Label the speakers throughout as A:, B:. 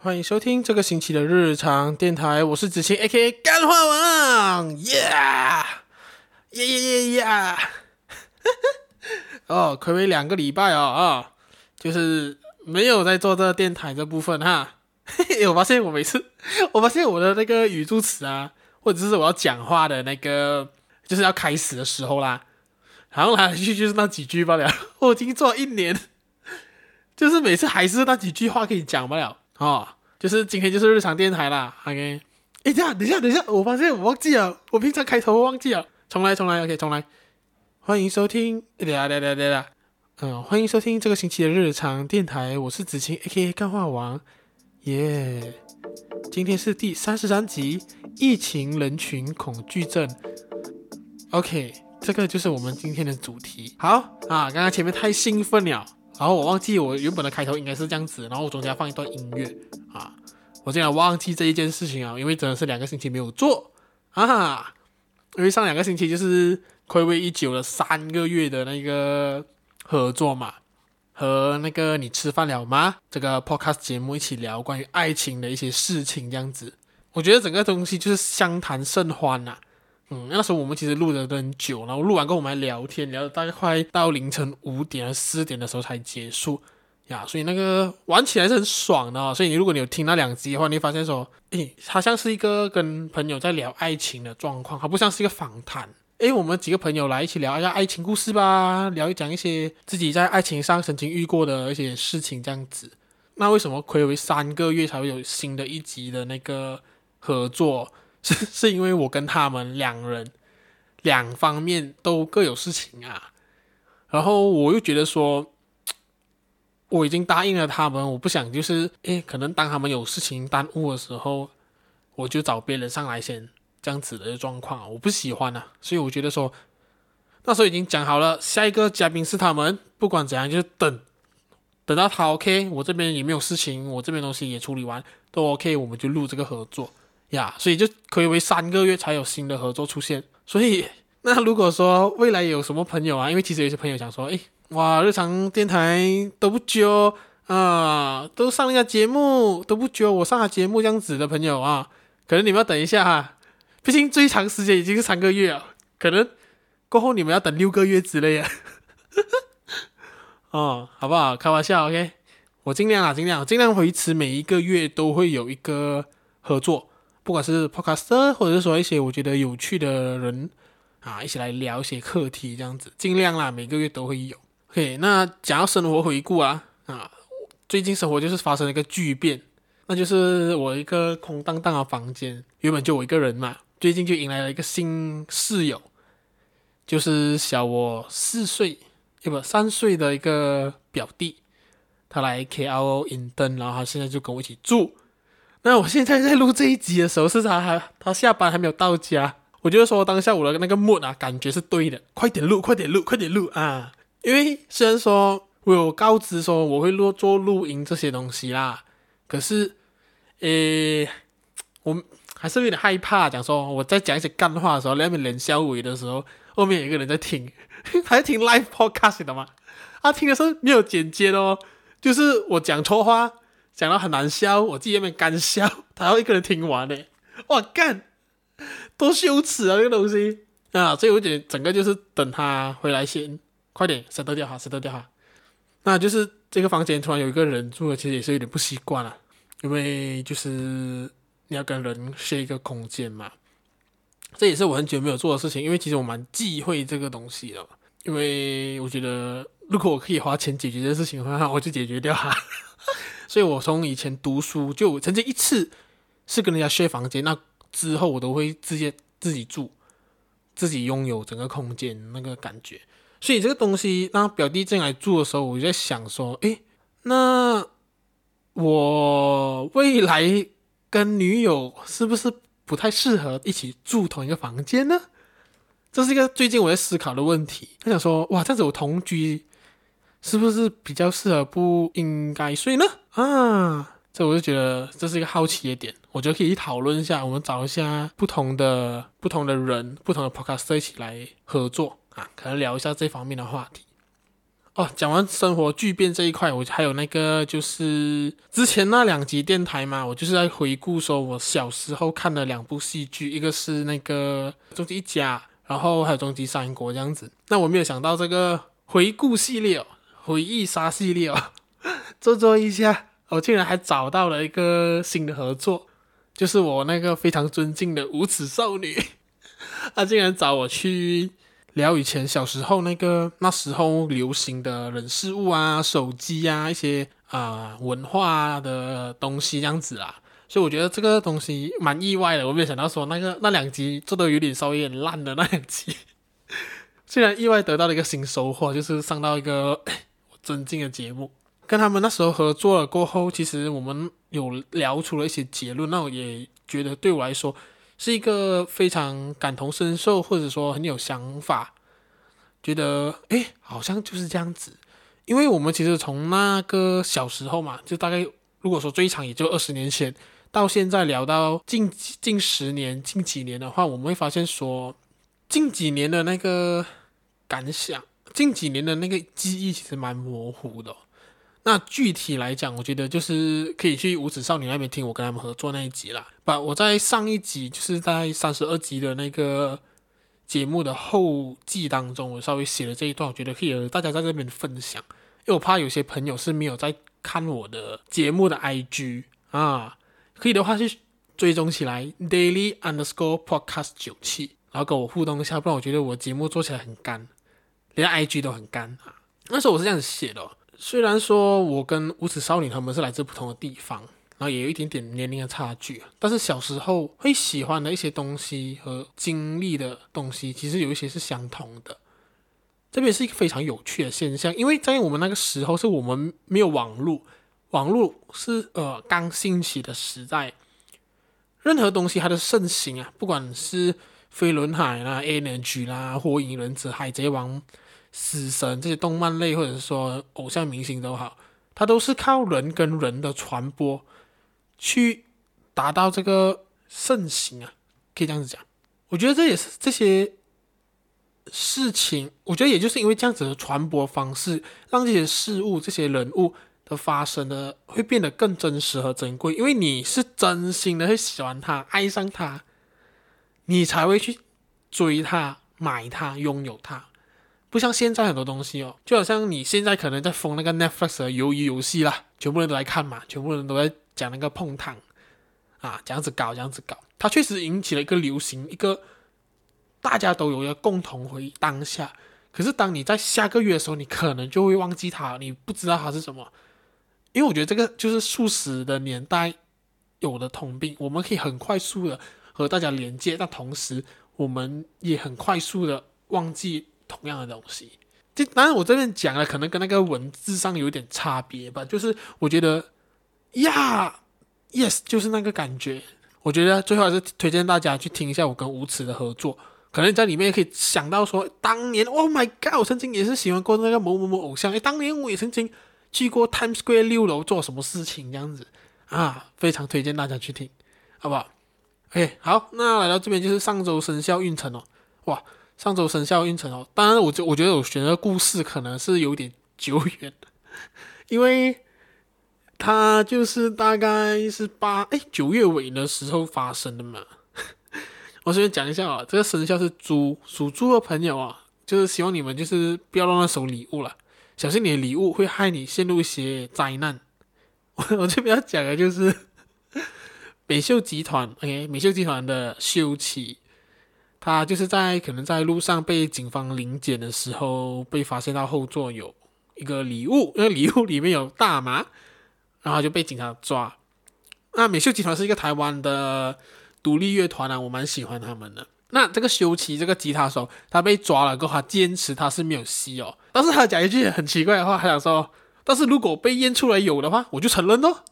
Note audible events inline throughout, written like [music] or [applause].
A: 歡迎收聽這個星期的日常電台，我是子晴 A K A 幹話王，耶耶耶耶耶！哦，暌違兩個禮拜哦，哦，就是沒有在做這電台這部分哈。嘿嘿，我發現我每次，我發現我的那個語助詞啊，或者是我要講話的那個，就是要開始的時候啦，然後來來去去就是那幾句罷了。我已經做了一年，就是每次還是那幾句話可以講不了。哦，就是今天就是日常電台啦，OK？哎呀，等一下等一下，我發現我忘記了，我平常開頭忘記了，重來重來，OK？重來，歡迎收聽，啦啦啦啦啦，嗯、呃，歡迎收聽這個星期的日常電台，我是子晴 AKA 乾話王，耶、yeah！今天是第三十三集，疫情人群恐懼症，OK？這個就是我們今天的主題。好啊，剛剛前面太興奮了。然後我忘記我原本的開頭應該是這樣子，然後我中間放一段音樂啊，我竟然忘記這一件事情啊，因為真的是兩個星期沒有做，啊哈，因為上兩個星期就是暌違已久的三個月的那個合作嘛，和那個你吃飯了嗎？這個 podcast 節目一起聊關於愛情的一些事情這樣子，我覺得整個東西就是相談甚歡吶、啊。嗯，那時候我們其實錄了很久，然後錄完跟我們聊天，聊了大概快到凌晨五點、四點的時候才結束呀。所以那個玩起來是很爽的哦。所以你如果你有聽那兩集的話，你會發現說，誒，它像是一個跟朋友在聊愛情的狀況，它不像是一個訪談。誒，我們幾個朋友來一起聊一下愛情故事吧，聊一講一些自己在愛情上曾經遇過的一些事情這樣子。那為什麼暌違三個月才會有新的一集的那個合作？ [laughs] 是因為我跟他們兩人兩方面都各有事情啊，然後我又覺得說，我已經答應了他們，我不想就是，哎，可能當他們有事情耽誤的時候，我就找別人上來先這樣子的狀況啊，我不喜歡啊，所以我覺得說，那時候已經講好了，下一個嘉賓是他們，不管怎樣就等，等到他 OK，我這邊也沒有事情，我這邊東西也處理完，都 OK，我們就錄這個合作。呀，yeah, 所以就可以為三個月才有新的合作出現。所以，那如果說未來有什麼朋友啊，因為其實有些朋友想說，誒，哇，日常電台都不揪啊、呃，都上一下節目都不揪我上下節目這樣子的朋友啊，可能你們要等一下哈、啊，畢竟最長時間已經是三個月啊，可能過後你們要等六個月之類。 [laughs] 哦，好不好？開玩笑，OK，我盡量啦、啊，盡量，盡量維持每一個月都會有一個合作。不管是 Podcaster，或者是說一些我覺得有趣的人啊，一起來聊一些課題，這樣子盡量啦，每個月都會有。OK，那假如生活回顧啊啊，最近生活就是發生了一個巨變，那就是我一個空蕩蕩的房間，原本就我一個人嘛，最近就迎來了一個新室友，就是小我四歲，要不三歲的一個表弟，他來 KLO intern，然後他現在就跟我一起住。那我現在在錄這一集的時候，是他還他下班還沒有到家，我就說當下我的那個 mood 啊，感覺是對的，快點錄，快點錄，快點錄啊！因為雖然說我有告知說我會錄做錄音這些東西啦，可是，呃，我還是有點害怕，講說我在講一些幹話的時候，那邊人小偉的時候，後面有一個人在聽，還是聽 live podcast 的嘛，啊，聽的時候沒有剪接哦，就是我講錯話。講到很難笑，我自己那邊乾笑。他要一個人聽完呢，哇幹，多羞恥啊！這個東西啊，所以我覺得整個就是等他回來先，快點刪掉細細掉哈，刪掉掉哈。那就是這個房間突然有一個人住了，其實也是有點不習慣了，啊，因為就是你要跟人 share 一個空間嘛。這也是我很久沒有做的事情，因為其實我蠻忌諱這個東西的嘛，因為我覺得如果我可以花錢解決這件事情的話，我就解決掉哈。 [laughs] 所以，我從以前讀書就曾經一次是跟人家睡房間，那之後我都會直接自己住，自己擁有整個空間那個感覺。所以，這個東西讓表弟進來住的時候，我就在想說，誒，那我未來跟女友是不是不太適合一起住同一個房間呢？這是一個最近我在思考的問題。我想說，哇，這樣子我同居是不是比較適合不應該睡呢？啊，這我就覺得這是一個好奇的點，我覺得可以去討論一下，我們找一下不同的不同的人，不同的 podcast 一起來合作啊，可能聊一下這方面的話題。哦，講完生活巨變這一塊，我還有那個就是之前那兩集電台嘛，我就是在回顧說我小時候看的兩部戲劇，一個是那個《終極一家》，然後還有《終極三國》這樣子。那我沒有想到這個回顧系列哦，回憶殺系列哦，做做 [laughs] 一下。我竟然還找到了一個新的合作，就是我那個非常尊敬的無恥少女，她竟然找我去聊以前小時候那個那時候流行的人事物啊、手機啊一些啊、呃、文化的東西這樣子啦。所以我覺得這個東西蠻意外的，我沒有想到說那個那兩集做的有點稍微有點爛的那兩集，竟然意外得到了一個新收穫，就是上到一個我尊敬的節目。跟他們那時候合作了過後，其實我們有聊出了一些結論。那我也覺得對我來說是一個非常感同身受，或者說很有想法，覺得，誒，好像就是這樣子。因為我們其實從那個小時候嘛，就大概如果說最長也就二十年前，到現在聊到近近十年、近幾年的話，我們會發現說近幾年的那個感想，近幾年的那個記憶其實蠻模糊的。那具體來講，我覺得就是可以去五指少女那邊聽我跟他們合作那一集啦。把我在上一集，就是在三十二集的那個節目的後記當中，我稍微寫了這一段，我覺得可以和大家在這邊分享，因為我怕有些朋友是沒有在看我的節目的 IG 啊。可以的話去追蹤起來，daily underscore podcast 九七，然後跟我互動一下，不然我覺得我節目做起來很乾，連 IG 都很乾啊。那時候我是這樣子寫的哦。雖然說，我跟五指少女她們是來自不同的地方，然後也有一點點年齡的差距，但是小時候會喜歡的一些東西和經歷的東西，其實有一些是相同的。這邊是一個非常有趣的現象，因為在我們那個時候，是我們沒有網絡，網絡是呃剛興起的時代，任何東西它的盛行啊，不管是飛輪海啦、啊、Energy 啦、火影忍者、海賊王。死神這些動漫類，或者說偶像明星都好，它都是靠人跟人的傳播去達到這個盛行啊，可以這樣子講。我覺得這也是這些事情，我覺得也就是因為這樣子的傳播方式，讓這些事物、這些人物的發生呢，會變得更真實和珍貴。因為你是真心的會喜歡他、愛上他，你才會去追他、買他、擁有他。不像現在很多東西哦，就好像你現在可能在封那個 Netflix 的魷魚遊戲啦，全部人都來看嘛，全部人都在講那個碰糖啊，這樣子搞，這樣子搞，它確實引起了一個流行，一個大家都有一個共同回憶當下。可是當你在下個月的時候，你可能就會忘記它，你不知道它是什麼。因為我覺得這個就是數字的年代有的通病，我們可以很快速的和大家連接，但同時我們也很快速的忘記。同樣的東西，就當然我這邊講了，可能跟那個文字上有點差別吧。就是我覺得呀，yeah！yes，就是那個感覺。我覺得最後還是推薦大家去聽一下我跟無恥的合作，可能在裡面也可以想到說，當年 oh my god，我曾經也是喜歡過那個某某某偶像。哎，當年我也曾經去過 Times Square 六樓做什麼事情這樣子啊，非常推薦大家去聽，好不好？哎，okay，好，那來到這邊就是上周生肖運程哦。哇。上周生肖運程哦，當然我覺我覺得我選的故事可能是有點久遠，因為他就是大概是八哎九月尾的時候發生的嘛。 [laughs] 我先講一下啊、哦，這個生肖是豬，屬豬的朋友啊、哦，就是希望你們就是不要讓他收禮物了，小心你的禮物會害你陷入一些災難。 [laughs] 我我這邊要講的就是，美秀集團，OK，美秀集團的修齊。他就是在可能在路上被警方臨檢的時候，被發現到後座有一個禮物，那禮物裡面有大麻，然後就被警察抓。那美秀集團是一個台灣的獨立樂團啊，我蠻喜歡他們的。那這個修齊，這個吉他手，他被抓了過後，他堅持他是沒有吸哦，但是他講一句很奇怪的話，他想說，但是如果被驗出來有的話，我就承認哦。 [laughs] ’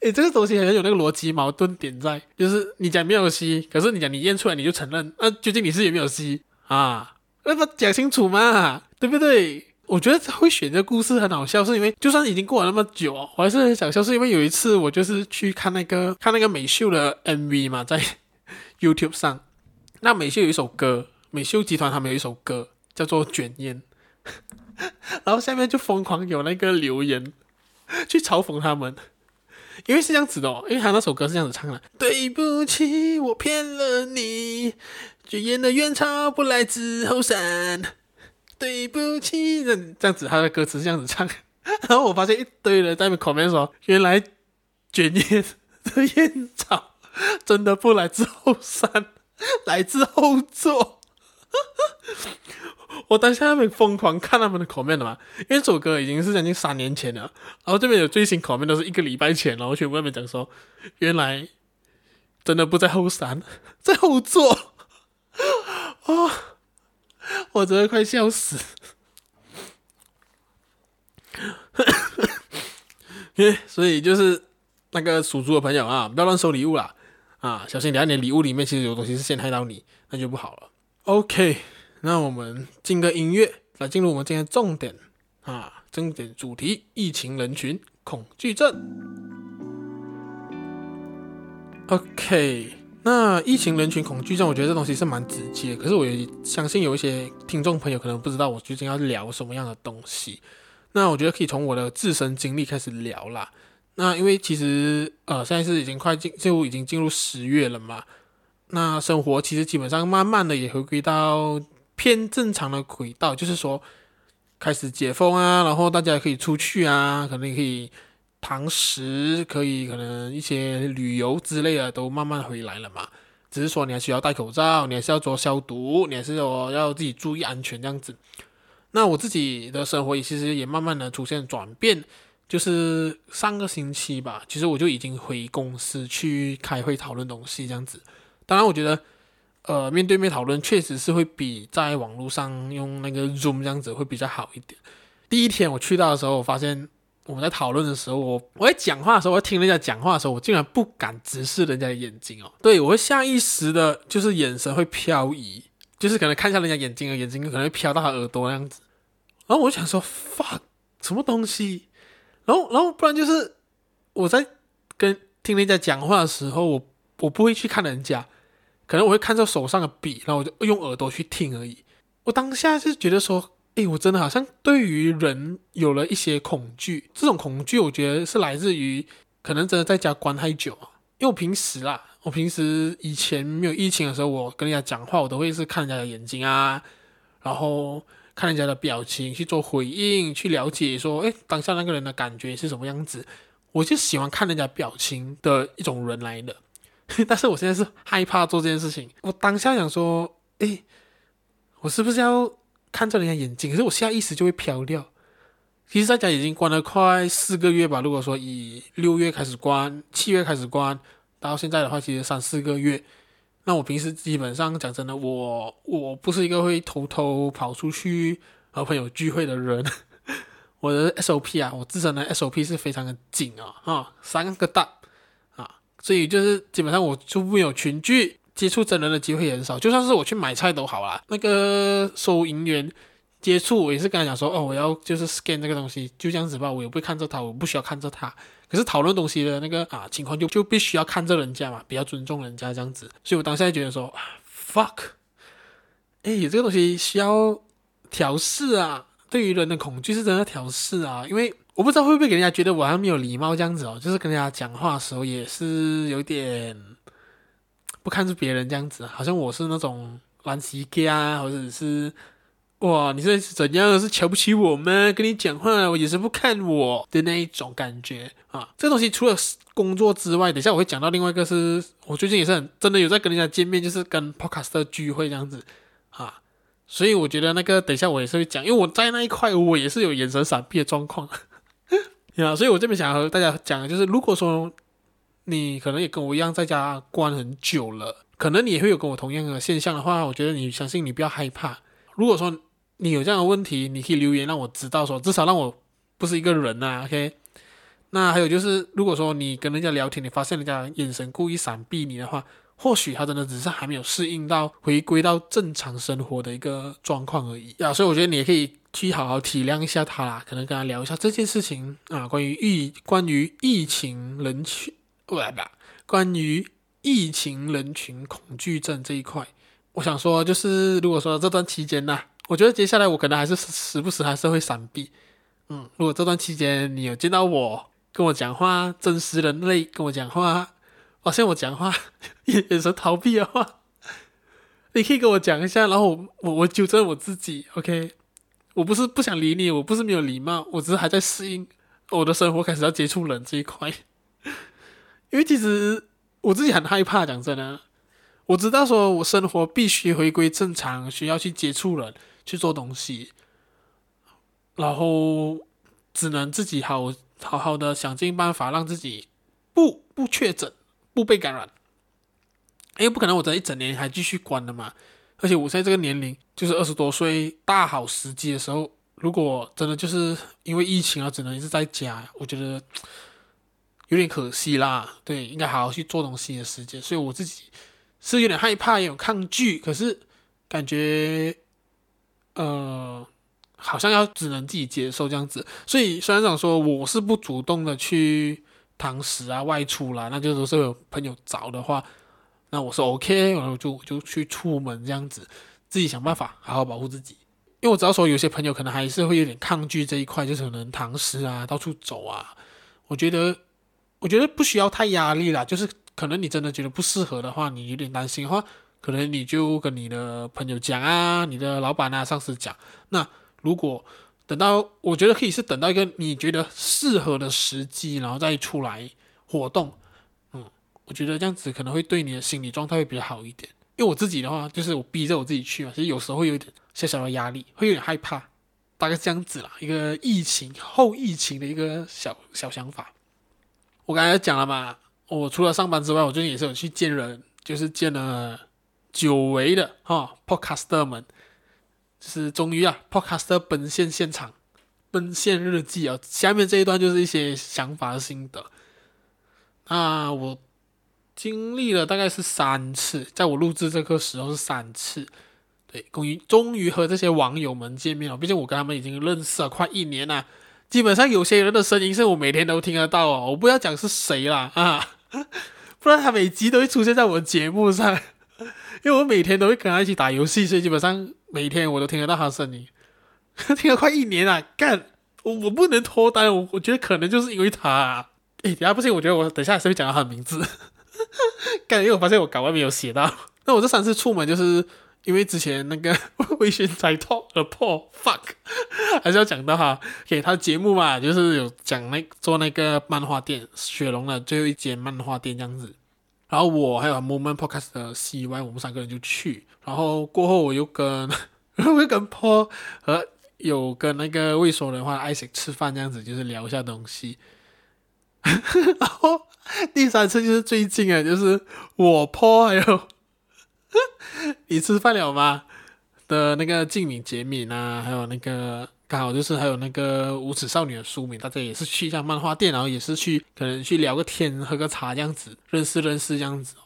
A: 哎，這個東西好像有那個邏輯矛盾點在，就是你講沒有 C，可是你講你驗出來你就承認，那、啊、究竟你是有沒有 C 啊？那麼講清楚嘛，對不對？我覺得會選這個故事很好笑，是因為就算已經過了那麼久，我還是很想笑，是因為有一次我就是去看那個看那個美秀的 MV 嘛，在 YouTube 上，那美秀有一首歌，美秀集團他們有一首歌叫做卷煙，然後下面就瘋狂有那個留言去嘲諷他們。因為是這樣子的哦，因為他那首歌是這樣子唱的：“對不起，我騙了你，卷煙的煙草不來自後山。”對不起人，人這樣子，他的歌詞是這樣子唱的。然後我發現一堆人在你口邊說：“原來卷煙的煙草真的不來自後山，來自後座。 [laughs] ”我當下那邊瘋狂看他們的 comment 的嘛，因為這首歌已經是將近三年前了，然後這邊有最新 comment 都是一個禮拜前了。我去外面講說，原來真的不在後山，在後座啊！我真的快笑死！ [laughs] yeah, 所以就是那個屬豬的朋友啊，不要亂收禮物啦，啊，小心你、啊、你禮物裡面其實有東西是陷害，到你，那就不好了。OK。那我們進個音樂，來進入我們今天的重點啊，重點主題：疫情人群恐懼症。OK，那疫情人群恐懼症，我覺得這東西是蠻直接。可是我也相信有一些聽眾朋友可能不知道我究竟要聊什麼樣的東西。那我覺得可以從我的自身經歷開始聊啦。那因為其實呃，現在是已經快進就已經進入十月了嘛。那生活其實基本上慢慢的也回歸到。偏正常的軌道，就是說開始解封啊，然後大家可以出去啊，可能可以堂食，可以可能一些旅遊之類的都慢慢回來了嘛。只是說你還需要戴口罩，你還是要做消毒，你還是說要，要自己注意安全這樣子。那我自己的生活其實也慢慢的出現轉變，就是上個星期吧，其實我就已經回公司去開會討論東西這樣子。當然，我覺得。呃，面對面討論確實是會比在網絡上用那個 Zoom 這樣子會比較好一點。第一天我去到的時候，我發現我們在討論的時候，我我在講話的時候，我聽人家講話的時候，我竟然不敢直視人家的眼睛哦。對我會下意識的，就是眼神會飄移，就是可能看一下人家眼睛，眼睛可能會飄到他耳朵那樣子。然後我就想說，fuck 什麼東西？然後，然後不然就是我在跟聽人家講話的時候，我我不會去看人家。可能我會看着手上的筆，然後我就用耳朵去聽而已。我當下是覺得說，誒，我真的好像對於人有了一些恐懼。這種恐懼，我覺得是來自於可能真的在家關太久。因為我平時啦，我平時以前沒有疫情的時候，我跟人家講話，我都會是看人家的眼睛啊，然後看人家的表情去做回應，去了解說，誒，當下那個人的感覺是什麼樣子。我就喜歡看人家表情的一種人來的。但是我現在是害怕做這件事情。我當下想說，誒，我是不是要看着人的眼睛？可是我下意識就會飄掉。其實在家已經關了快四個月吧。如果說以六月開始關，七月開始關，到現在的話，其實三四個月。那我平時基本上講真的，我我不是一個會偷偷跑出去和朋友聚會的人。我的 SOP 啊，我自身的 SOP 是非常的緊啊哈，三個大。所以就是基本上我就沒有群聚接觸真人的機會也很少，就算是我去買菜都好啦，那個收銀員接觸我也是跟他講說，哦，我要就是 scan 這個東西，就這樣子吧，我也不會看着他，我不需要看着他。可是討論東西的那個啊情況就就必須要看着人家嘛，比較尊重人家這樣子。所以我當下覺得說，fuck，哎，有這個東西需要調試啊，對於人的恐懼是真的調試啊，因為。我不知道會不會給人家覺得我還沒有禮貌這樣子哦，就是跟人家講話的時候也是有點不看住別人這樣子，好像我是那種頑皮家，或者是哇，你現在是怎樣，是瞧不起我嗎？跟你講話我也是不看我的那一種感覺啊。這東西除了工作之外，等一下我會講到另外一個，是我最近也是很真的有在跟人家見面，就是跟 Podcaster 聚會這樣子啊，所以我覺得那個等一下我也是會講，因為我在那一塊我也是有眼神閃避的狀況。啊，yeah, 所以我這邊想和大家講的就是，如果說你可能也跟我一樣在家關很久了，可能你也會有跟我同樣的現象的話，我覺得你相信你不要害怕。如果說你有這樣的問題，你可以留言讓我知道說，說至少讓我不是一個人啊。OK，那還有就是，如果說你跟人家聊天，你發現人家眼神故意閃避你的話，或許他真的只是還沒有適應到回歸到正常生活的一個狀況而已呀。所以我覺得你也可以去好好體諒一下他啦，可能跟他聊一下這件事情啊。關於疫，關於疫情人群，喂，不，關於疫情人群恐懼症這一塊，我想說，就是如果說這段期間啦、啊，我覺得接下來我可能還是時不時還是會閃避。嗯，如果這段期間你有見到我跟我講話，真實人類跟我講話，好、哦、像我講話也也是 [laughs] 逃避的話，你可以跟我講一下，然後我我糾正我，我自己。OK。我不是不想理你，我不是沒有禮貌，我只是還在適應我的生活，開始要接觸人這一塊。 [laughs] 因為其實我自己很害怕，講真的，我知道說我生活必須回歸正常，需要去接觸人，去做東西，然後只能自己好好好的想盡辦法讓自己不不確診，不被感染，因為不可能我這一整年還繼續關的嘛。而且我在這個年齡就是二十多歲大好時機的時候，如果真的就是因為疫情啊，只能一直在家，我覺得有點可惜啦。對，應該好好去做東西的時間。所以我自己是有點害怕，也有抗拒，可是感覺呃好像要只能自己接受這樣子。所以雖然講說我是不主動的去堂食啊、外出啦、啊，那就都是有朋友找的話。那我說 OK，然後就就去出門這樣子，自己想辦法好好保護自己。因為我知道說有些朋友可能還是會有點抗拒這一塊，就是可能堂食啊，到處走啊。我覺得我覺得不需要太壓力啦，就是可能你真的覺得不適合的話，你有點擔心的話，可能你就跟你的朋友講啊，你的老闆啊、上司講。那如果等到我覺得可以是等到一個你覺得適合的時機，然後再出來活動。我覺得這樣子可能會對你的心理狀態會比較好一點，因為我自己的話，就是我逼着我自己去嘛，其實有時候會有點小小的壓力，會有點害怕，大概是這樣子啦。一個疫情，後疫情的一個小小想法。我剛才講了嘛，我除了上班之外，我最近也是有去見人，就是見了久違的哈、哦、Podcaster 們，就是終於啊 Podcaster 奔現現場，奔現日記啊、哦。下面這一段就是一些想法的心得。那我。經歷了大概是三次，在我錄製這個時候是三次，對，終於終於和這些網友們見面了。畢竟我跟他們已經認識了快一年了，基本上有些人的聲音是我每天都聽得到哦。我不要講是誰啦啊，不然他每集都會出現在我的節目上，因為我每天都會跟他一起打遊戲，所以基本上每天我都聽得到他的聲音，聽了快一年了。幹，我我不能脫單，我我覺得可能就是因為他。哎，等下不行，我覺得我等下誰會講到他的名字。感覺我發現我稿外面沒有寫到，那我這三次出門就是因為之前那個微信在 talk po fuck，還是要講到哈，給他節目嘛，就是有講那做那個漫畫店雪龍的最後一間漫畫店這樣子，然後我還有 moment podcast 的 CY 我們三個人就去，然後過後我又跟我又跟 po 和有跟那個魏說的話 Isaac 吃飯這樣子，就是聊一下東西。 [laughs] 然後第三次就是最近啊，就是我婆還有， [laughs] 你吃飯了嗎？的那個靜敏、杰敏啊，還有那個剛好就是還有那個無恥少女的書名，大家也是去一下漫畫店，然後也是去可能去聊個天、喝個茶這樣子，認識認識這樣子。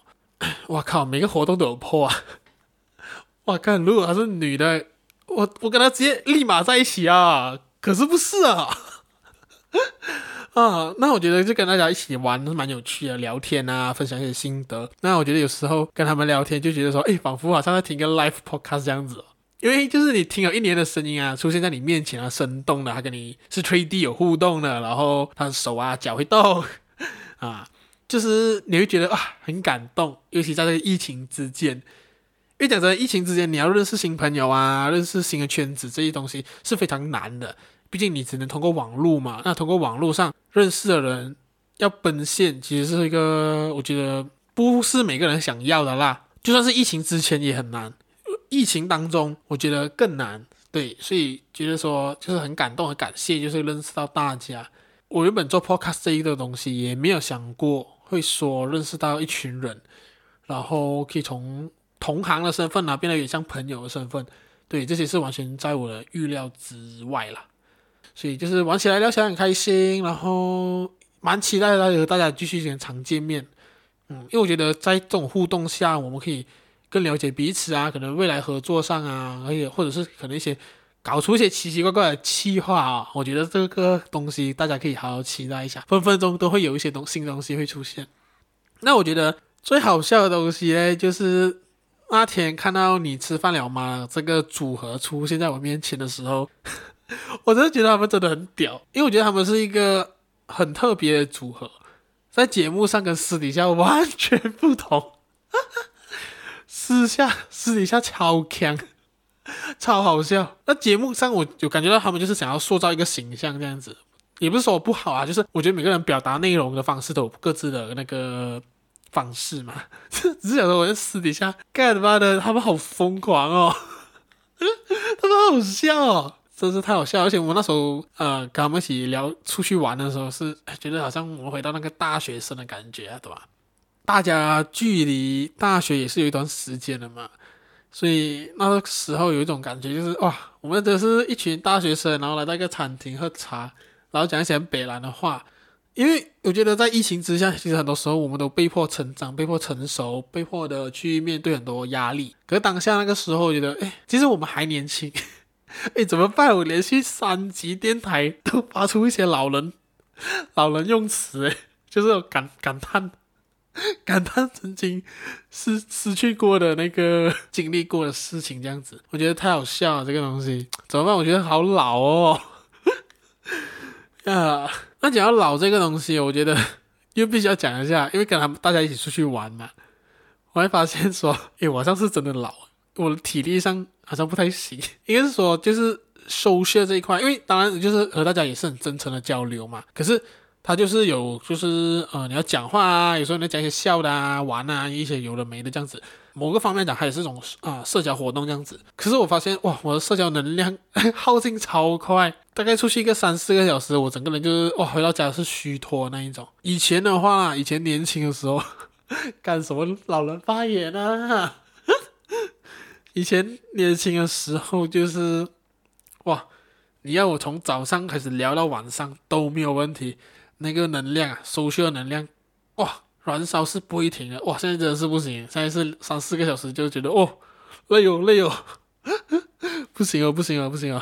A: 我 [laughs] 靠，每個活動都有婆啊！哇 [laughs] 看如果她是女的，我我跟她直接立馬在一起啊！可是不是啊？ [laughs] 啊，那我覺得就跟大家一起玩是蠻有趣的，聊天啊，分享一些心得。那我覺得有時候跟他們聊天，就覺得說，哎，仿佛好像在聽一個 live podcast 這樣子，哦。因為就是你聽了一年的聲音啊，出現在你面前啊，它生動的，他跟你是吹 D 有互動的，然後他的手啊腳會動啊，就是你會覺得哇、啊，很感動。尤其在這個疫情之間，因為講真的，疫情之間你要認識新朋友啊，認識新的圈子這些東西是非常難的。畢竟你只能通過網絡嘛，那通過網絡上認識的人要奔現，其實是一個我覺得不是每個人想要的啦。就算是疫情之前也很難，疫情當中我覺得更難。對，所以覺得說就是很感動、很感謝，就是認識到大家。我原本做 podcast 這一個東西，也沒有想過會說認識到一群人，然後可以從同行的身份啊，變得也像朋友的身份。對，這些是完全在我的預料之外啦。所以就是玩起來、聊起來很開心，然後蠻期待的，和大家繼續一些常見面。嗯，因為我覺得在這種互動下，我們可以更了解彼此啊，可能未來合作上啊，而且或者是可能一些搞出一些奇奇怪怪的企劃啊，我覺得這個東西大家可以好好期待一下，分分鐘都會有一些東新東西會出現。那我覺得最好笑的東西嘞，就是那天看到你吃飯了嗎？這個組合出現在我面前的時候。我真的覺得他們真的很屌，因為我覺得他們是一個很特別的組合，在節目上跟私底下完全不同。私下私底下超強，超好笑。那節目上我，我就感覺到他們就是想要塑造一個形象這樣子，也不是說我不好啊，就是我覺得每個人表達內容的方式都有各自的那個方式嘛。只是想說，我在私底下幹他媽的，他們好瘋狂哦，他們好笑哦。真是太好笑！而且我們那時候，呃，跟他們一起聊出去玩的時候，是覺得好像我們回到那個大學生的感覺啊，對吧？大家距離大學也是有一段時間了嘛，所以那個時候有一種感覺，就是哇，我們這是一群大學生，然後來到一個餐廳喝茶，然後講一些很北蘭的話。因為我覺得在疫情之下，其實很多時候我們都被迫成長、被迫成熟、被迫的去面對很多壓力。可是當下那個時候，我覺得，誒，其實我們還年輕。哎，怎麼辦？我連續三集電台都發出一些老人、老人用詞，哎，就是有感感嘆，感嘆曾經失失去過的那個經歷過的事情，這樣子，我覺得太好笑了。這個東西怎麼辦？我覺得好老哦。啊，那講到老這個東西，我覺得又必須要講一下，因為跟他們大家一起出去玩嘛，啊，我還發現說，哎，我像是真的老。我的體力上好像不太行，應該是說就是 social 這一塊，因為當然就是和大家也是很真誠的交流嘛。可是他就是有就是呃，你要講話啊，有時候你要講一些笑的啊、玩啊、一些有的沒的這樣子，某個方面講還也是一種啊、呃、社交活動這樣子。可是我發現哇，我的社交能量呵呵耗盡超快，大概出去一個三四個小時，我整個人就是哇，回到家是虛脫那一種。以前的話，以前年輕的時候，幹什麼？老人發言啊？以前年輕的時候就是，哇，你要我從早上開始聊到晚上都沒有問題，那個能量啊，收攝能量，哇，燃燒是不會停的，哇，現在真的是不行，現在是三四個小時就覺得哦，累哦累哦，呵呵哦，不行哦不行哦不行哦，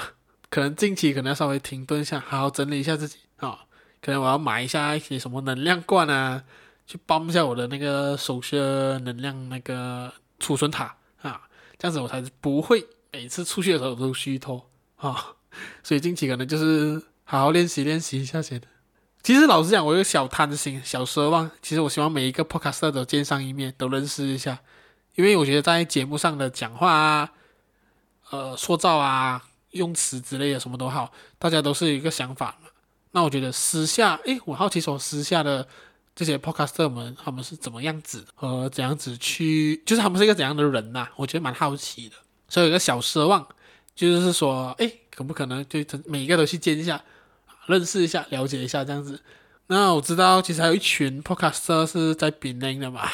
A: 可能近期可能要稍微停頓一下，好好整理一下自己啊、哦，可能我要買一下一些什麼能量罐啊，去幫一下我的那個收攝能量那個儲存塔。這樣子我才不會每次出去的時候都虛脫啊、哦！所以近期可能就是好好練習練習一下先。其實老實講，我有小貪心、小奢望。其實我希望每一個 podcaster 都見上一面，都認識一下，因為我覺得在節目上的講話啊、呃、塑造啊、用詞之類的什麼都好，大家都是有一個想法嘛。那我覺得私下，哎，我好奇說私下的。這些 podcaster 們，他們是怎麼樣子的，和怎樣子去，就是他們是一個怎樣的人呢、啊？我覺得蠻好奇的，所以有一個小奢望，就是說，哎，可不可能就每一個都去見一下，認識一下，了解一下這樣子？那我知道，其實還有一群 podcaster 是在檳城的嘛，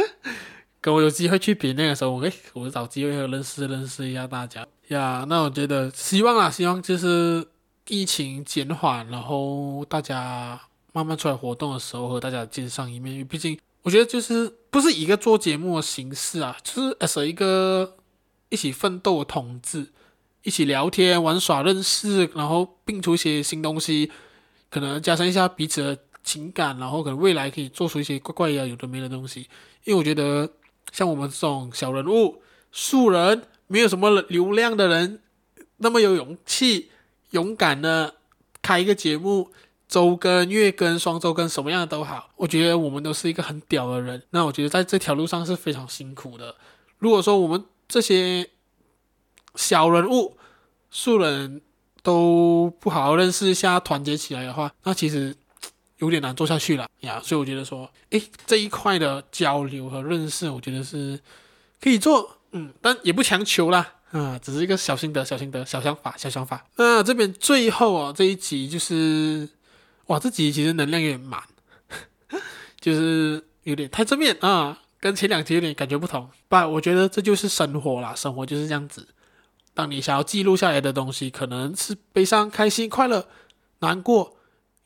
A: [laughs] 跟我有機會去檳城的時候，我可以，我找機會和認識認識一下大家呀。Yeah, 那我覺得，希望啊，希望就是疫情減緩，然後大家。慢慢出來活動的時候和大家見上一面，因為畢竟我覺得就是不是一個做節目的形式啊，就是是一個一起奮鬥的同志，一起聊天玩耍認識，然後并出一些新東西，可能加深一下彼此的情感，然後可能未來可以做出一些怪怪呀、啊、有的沒的東西。因為我覺得像我們這種小人物、素人，沒有什麼流量的人，那麼有勇氣、勇敢的開一個節目。周更、跟月更、雙周更，什麼樣的都好。我覺得我們都是一個很屌的人。那我覺得在這條路上是非常辛苦的。如果說我們這些小人物、素人都不好好認識一下，團結起來的話，那其實有點難做下去了呀。所以我覺得說，哎，這一塊的交流和認識，我覺得是可以做，嗯，但也不強求啦。啊，只是一個小心得、小心得、小想法、小想法。那這邊最後啊，這一集就是。哇，這集其實能量有點滿，就是有點太正面啊、嗯，跟前兩集有點感覺不同。不，我覺得這就是生活啦，生活就是這樣子。當你想要記錄下來的東西，可能是悲傷、開心、快樂、難過、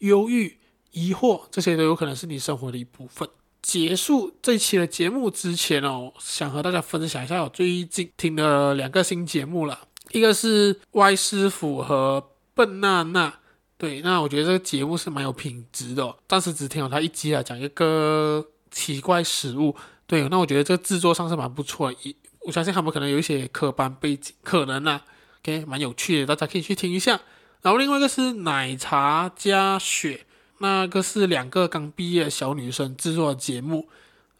A: 憂鬱、疑惑，這些都有可能是你生活的一部分。結束這期的節目之前哦，想和大家分享一下我最近聽的兩個新節目了，一個是 Y 師傅和笨娜娜。對，那我覺得這個節目是蠻有品質的哦，但是只聽了他一集啊，講一個奇怪食物。對，那我覺得這個製作上是蠻不錯的，一我相信他們可能有一些科班背景，可能的啊，OK，蠻有趣的，大家可以去聽一下。然後另外一個是奶茶加雪，那個是兩個剛畢業的小女生制作的節目。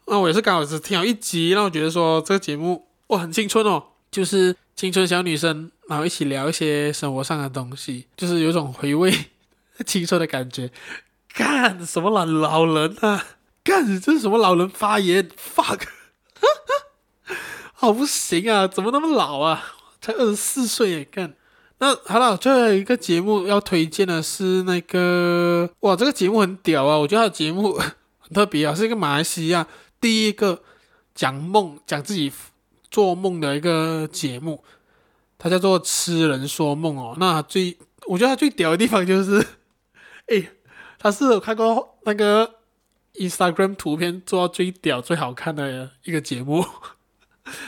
A: 那我也是剛好只聽了一集，那我覺得說這個節目我很青春哦，就是青春小女生，然後一起聊一些生活上的東西，就是有一種回味，青春的感覺，幹什麼老老人啊，幹你這是什麼老人發言？fuck，哈哈好不行啊，怎麼那麼老啊？才二十四歲耶！幹那好了，最後一個節目要推薦的是那個哇，這個節目很屌啊！我覺得他節目很特別啊，是一個馬來西亞第一個講夢、講自己做夢的一個節目，它叫做《痴人說夢》哦。那最我覺得它最屌的地方就是。誒，他是我看過那個 Instagram 圖片做到最屌，最好看的一個節目，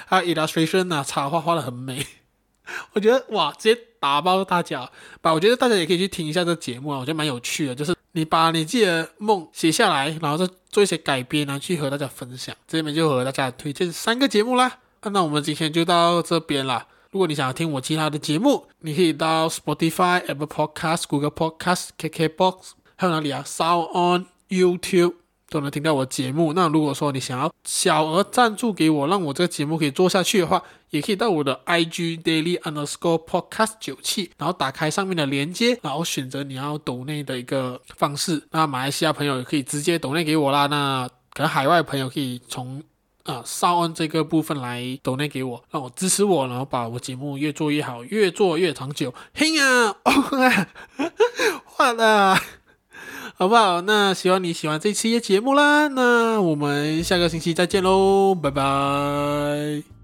A: 還有 illustration 啊，插畫畫的很美。我覺得哇，直接打包大家吧。我覺得大家也可以去聽一下這個節目啊，我覺得蠻有趣的。就是你把你自己的夢寫下來，然後再做一些改編，然後去和大家分享。這邊就和大家推薦三個節目啦。啊，那我們今天就到這邊啦。如果你想要聽我其他的節目，你可以到 Spotify、Apple Podcast、Google Podcast、KK Box，還有哪裡啊？Sound on YouTube 都能聽到我節目。那如果說你想要小額贊助給我，讓我這個節目可以做下去的話，也可以到我的 IG daily underscore podcast 九七，然後打開上面的連接，然後選擇你要抖內的一個方式。那馬來西亞朋友也可以直接抖內給我啦。那可能海外朋友可以從啊，少摁、uh, 這個部分來 Donate 給我，讓我支持我，然後把我節目越做越好，越做越長久。嘿呀，壞了，好不好？那希望你喜歡這期的節目啦。那我們下個星期再見嘍，拜拜。